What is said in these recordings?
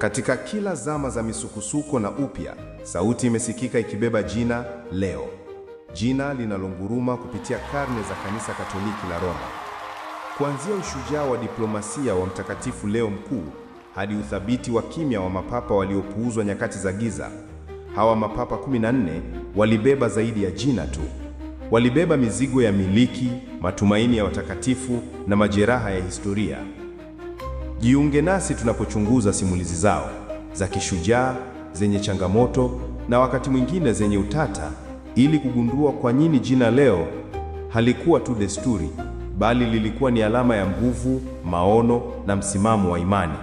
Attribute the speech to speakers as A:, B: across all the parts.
A: Katika kila zama za misukusuko na upya, sauti imesikika ikibeba jina leo, jina linalonguruma kupitia karne za kanisa Katoliki la Roma, kuanzia ushujaa wa diplomasia wa Mtakatifu Leo Mkuu hadi uthabiti wa kimya wa mapapa waliopuuzwa nyakati za giza. Hawa mapapa 14 walibeba zaidi ya jina tu. Walibeba mizigo ya miliki, matumaini ya watakatifu na majeraha ya historia. Jiunge nasi tunapochunguza simulizi zao za kishujaa, zenye changamoto na wakati mwingine zenye utata, ili kugundua kwa nini jina leo halikuwa tu desturi, bali lilikuwa ni alama ya nguvu, maono na msimamo wa imani.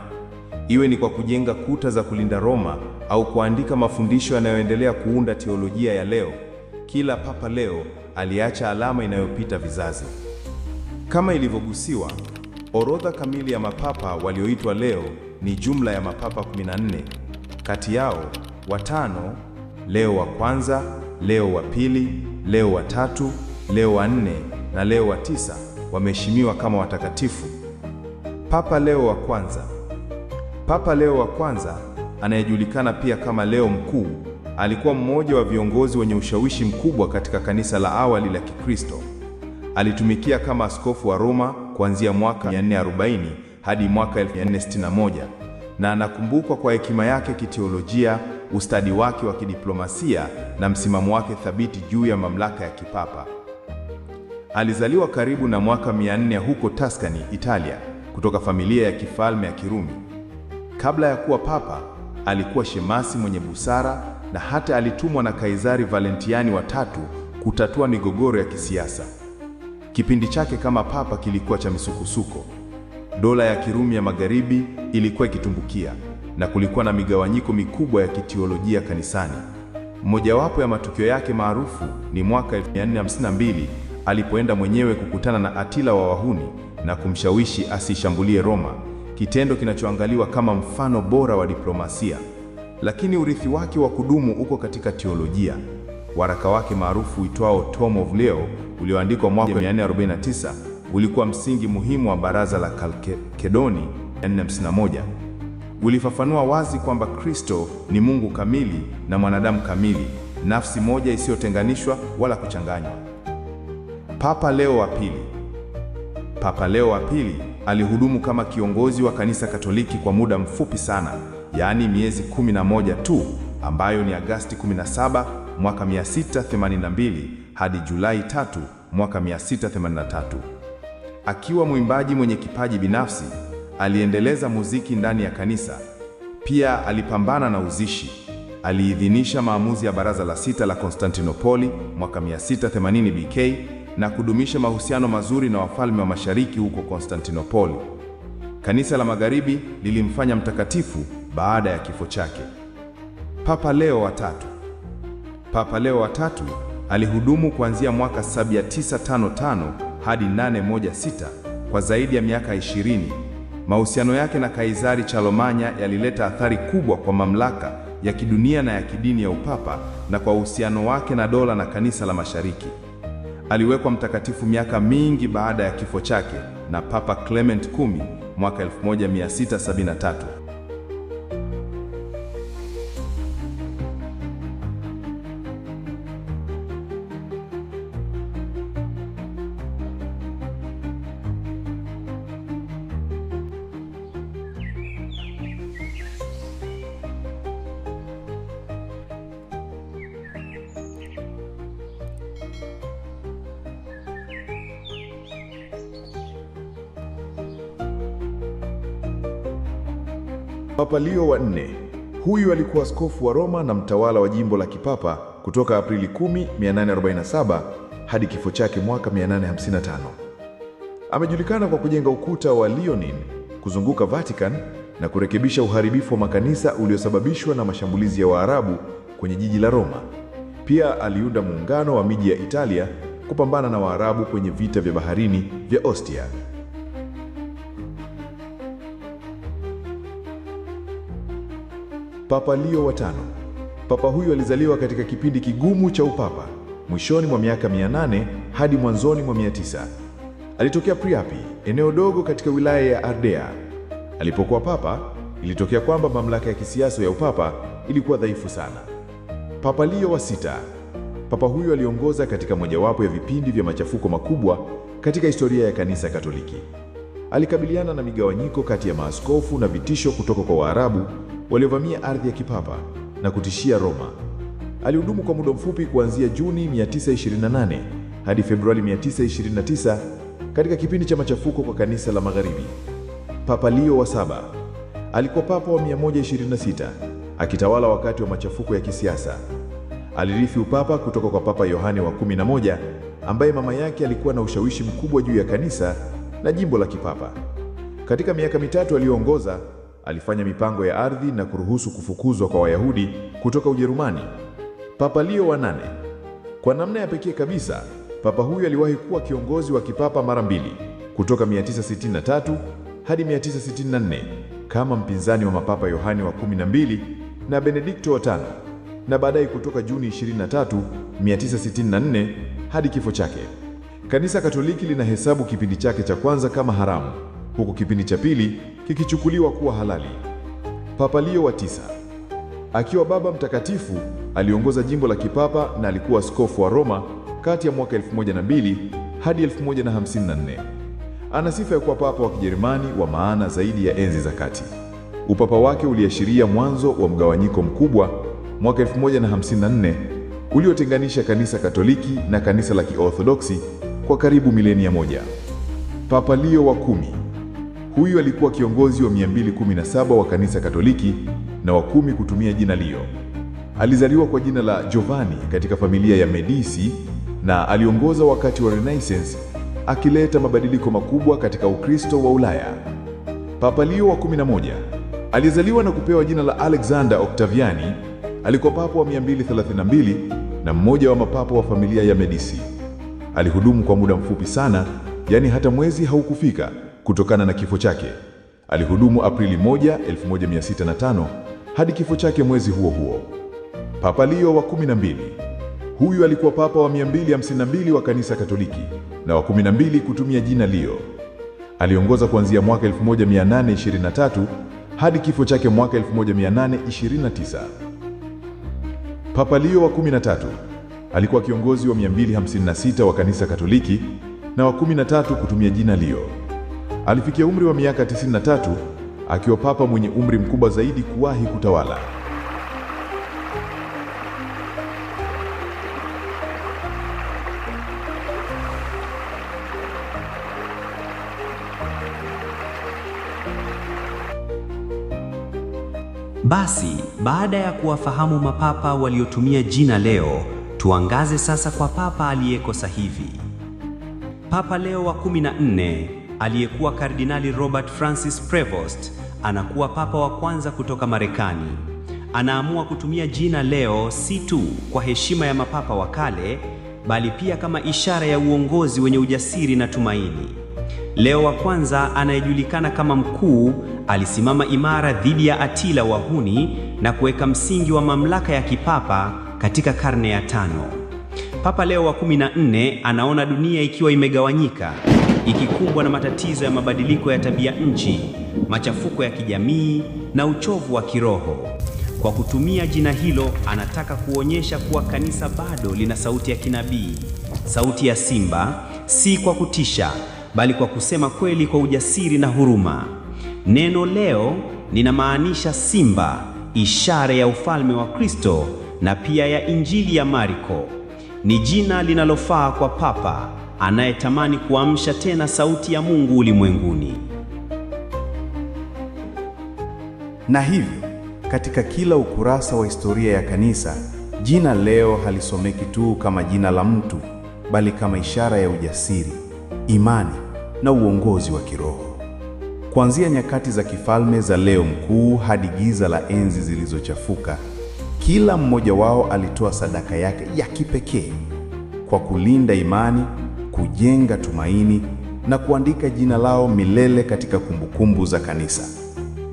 A: Iwe ni kwa kujenga kuta za kulinda Roma au kuandika mafundisho yanayoendelea kuunda teolojia ya leo, kila Papa Leo aliacha alama inayopita vizazi. Kama ilivyogusiwa Orodha kamili ya mapapa walioitwa leo ni jumla ya mapapa 14. Kati yao watano, Leo wa kwanza, Leo wa pili, Leo wa tatu, Leo wa nne na Leo wa tisa wameheshimiwa kama watakatifu. Papa Leo wa kwanza. Papa Leo wa kwanza anayejulikana pia kama Leo Mkuu alikuwa mmoja wa viongozi wenye ushawishi mkubwa katika kanisa la awali la Kikristo. Alitumikia kama askofu wa Roma kuanzia mwaka 440 hadi mwaka 1461 na anakumbukwa kwa hekima yake kiteolojia, ustadi wake wa kidiplomasia na msimamo wake thabiti juu ya mamlaka ya kipapa. Alizaliwa karibu na mwaka 400 huko Tuscany, Italia, kutoka familia ya kifalme ya Kirumi. Kabla ya kuwa papa, alikuwa shemasi mwenye busara na hata alitumwa na Kaisari Valentiani wa tatu kutatua migogoro ya kisiasa. Kipindi chake kama papa kilikuwa cha misukosuko. Dola ya Kirumi ya Magharibi ilikuwa ikitumbukia na kulikuwa na migawanyiko mikubwa ya kitiolojia kanisani. Mojawapo ya matukio yake maarufu ni mwaka 452 alipoenda mwenyewe kukutana na Atila wa Wahuni na kumshawishi asishambulie Roma, kitendo kinachoangaliwa kama mfano bora wa diplomasia. Lakini urithi wake wa kudumu uko katika teolojia waraka wake maarufu uitwao Tome of Leo ulioandikwa mwaka 449 ulikuwa msingi muhimu wa baraza la Kalkedoni 451. Ulifafanua wazi kwamba Kristo ni Mungu kamili na mwanadamu kamili, nafsi moja isiyotenganishwa wala kuchanganywa. Papa Leo wa Pili. Papa Leo wa Pili alihudumu kama kiongozi wa kanisa Katoliki kwa muda mfupi sana, yaani miezi 11 tu, ambayo ni Agasti 17 mwaka 682 hadi Julai 3 mwaka 683. Akiwa mwimbaji mwenye kipaji binafsi, aliendeleza muziki ndani ya kanisa. Pia alipambana na uzishi. Aliidhinisha maamuzi ya Baraza la Sita la Konstantinopoli mwaka 680 BK na kudumisha mahusiano mazuri na wafalme wa Mashariki huko Konstantinopoli. Kanisa la Magharibi lilimfanya mtakatifu baada ya kifo chake. Papa Leo wa tatu Papa Leo wa tatu alihudumu kuanzia mwaka 755 hadi 816 kwa zaidi ya miaka 20. Mahusiano yake na Kaisari Charlemagne yalileta athari kubwa kwa mamlaka ya kidunia na ya kidini ya upapa na kwa uhusiano wake na dola na kanisa la Mashariki. Aliwekwa mtakatifu miaka mingi baada ya kifo chake na Papa Clement Kumi mwaka 1673. Papa Leo wa nne. Huyu alikuwa askofu wa Roma na mtawala wa jimbo la kipapa kutoka Aprili 10, 847 hadi kifo chake mwaka 855. Amejulikana kwa kujenga ukuta wa Leonin kuzunguka Vatican na kurekebisha uharibifu wa makanisa uliosababishwa na mashambulizi ya Waarabu kwenye jiji la Roma. Pia aliunda muungano wa miji ya Italia kupambana na Waarabu kwenye vita vya baharini vya Ostia. Papa Leo wa tano. Papa huyu alizaliwa katika kipindi kigumu cha upapa, mwishoni mwa miaka 800 hadi mwanzoni mwa 900. Alitokea Priapi, eneo dogo katika wilaya ya Ardea. Alipokuwa papa, ilitokea kwamba mamlaka ya kisiasa ya upapa ilikuwa dhaifu sana. Papa Leo wa sita. Papa huyu aliongoza katika mojawapo ya vipindi vya machafuko makubwa katika historia ya kanisa Katoliki. Alikabiliana na migawanyiko kati ya maaskofu na vitisho kutoka kwa Waarabu waliovamia ardhi ya kipapa na kutishia Roma. Alihudumu kwa muda mfupi kuanzia Juni 1928 hadi Februari 929 katika kipindi cha machafuko kwa kanisa la Magharibi. Papa Leo wa saba alikuwa papa wa 126 akitawala wakati wa machafuko ya kisiasa. Alirithi upapa kutoka kwa Papa Yohane wa 11 ambaye mama yake alikuwa na ushawishi mkubwa juu ya kanisa na jimbo la kipapa. Katika miaka mitatu aliyoongoza alifanya mipango ya ardhi na kuruhusu kufukuzwa kwa Wayahudi kutoka Ujerumani. Papa Leo wa nane. Kwa namna ya pekee kabisa, papa huyu aliwahi kuwa kiongozi wa kipapa mara mbili, kutoka 963 hadi 964 kama mpinzani wa mapapa Yohane wa 12 na Benedikto wa tano, na baadaye kutoka Juni 23, 1964 hadi kifo chake. Kanisa Katoliki linahesabu kipindi chake cha kwanza kama haramu, huku kipindi cha pili kikichukuliwa kuwa halali. Papa Leo wa tisa akiwa Baba Mtakatifu aliongoza jimbo la kipapa na alikuwa askofu wa Roma kati ya mwaka 1002 hadi 1054. Ana sifa ya kuwa papa wa Kijerumani wa maana zaidi ya enzi za kati. Upapa wake uliashiria mwanzo wa mgawanyiko mkubwa mwaka 1054 uliotenganisha kanisa Katoliki na kanisa la Kiorthodoksi kwa karibu milenia moja. Papa Leo wa kumi Huyu alikuwa kiongozi wa 217 wa kanisa Katoliki na wa kumi kutumia jina Leo. Alizaliwa kwa jina la Giovanni katika familia ya Medici na aliongoza wakati wa Renaissance akileta mabadiliko makubwa katika Ukristo wa Ulaya. Papa Leo wa 11 alizaliwa na kupewa jina la Alexander Octaviani, alikuwa papa wa 232 na mmoja wa mapapa wa familia ya Medici. Alihudumu kwa muda mfupi sana, yaani hata mwezi haukufika. Kutokana na kifo chake, alihudumu Aprili 1, 1605 hadi kifo chake mwezi huo huo. Papa Leo wa 12. Huyu alikuwa papa wa 252 wa Kanisa Katoliki na wa 12 kutumia jina Leo. Aliongoza kuanzia mwaka 1823 hadi kifo chake mwaka 1829. Papa Leo wa 13 alikuwa kiongozi wa 256 wa Kanisa Katoliki na wa 13 kutumia jina Leo. Alifikia umri wa miaka 93 akiwa papa mwenye umri mkubwa zaidi kuwahi kutawala.
B: Basi, baada ya kuwafahamu mapapa waliotumia jina Leo, tuangaze sasa kwa papa aliyeko sasa hivi. Papa Leo wa 14 aliyekuwa Kardinali Robert Francis Prevost anakuwa papa wa kwanza kutoka Marekani. Anaamua kutumia jina Leo si tu kwa heshima ya mapapa wa kale, bali pia kama ishara ya uongozi wenye ujasiri na tumaini. Leo wa kwanza anayejulikana kama mkuu alisimama imara dhidi ya Atila wa huni na kuweka msingi wa mamlaka ya kipapa katika karne ya tano. Papa Leo wa 14 anaona dunia ikiwa imegawanyika ikikumbwa na matatizo ya mabadiliko ya tabia nchi, machafuko ya kijamii na uchovu wa kiroho. Kwa kutumia jina hilo, anataka kuonyesha kuwa kanisa bado lina sauti ya kinabii, sauti ya simba, si kwa kutisha, bali kwa kusema kweli kwa ujasiri na huruma. Neno leo linamaanisha simba, ishara ya ufalme wa Kristo na pia ya Injili ya Marko. Ni jina linalofaa kwa Papa anayetamani kuamsha tena sauti ya Mungu ulimwenguni.
A: Na hivyo katika kila ukurasa wa historia ya kanisa, jina leo halisomeki tu kama jina la mtu, bali kama ishara ya ujasiri, imani na uongozi wa kiroho. Kuanzia nyakati za kifalme za Leo Mkuu hadi giza la enzi zilizochafuka, kila mmoja wao alitoa sadaka yake ya kipekee kwa kulinda imani kujenga tumaini na kuandika jina lao milele katika kumbukumbu za kanisa.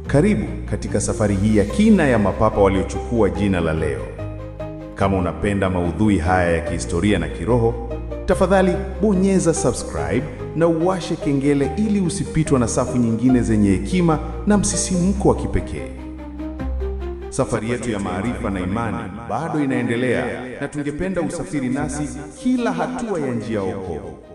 A: Karibu katika safari hii ya kina ya mapapa waliochukua jina la leo. Kama unapenda maudhui haya ya kihistoria na kiroho, tafadhali bonyeza subscribe na uwashe kengele ili usipitwe na safu nyingine zenye hekima na msisimko wa kipekee. Safari yetu ya maarifa na imani bado inaendelea, na tungependa usafiri nasi kila hatua ya njia ya wokovu.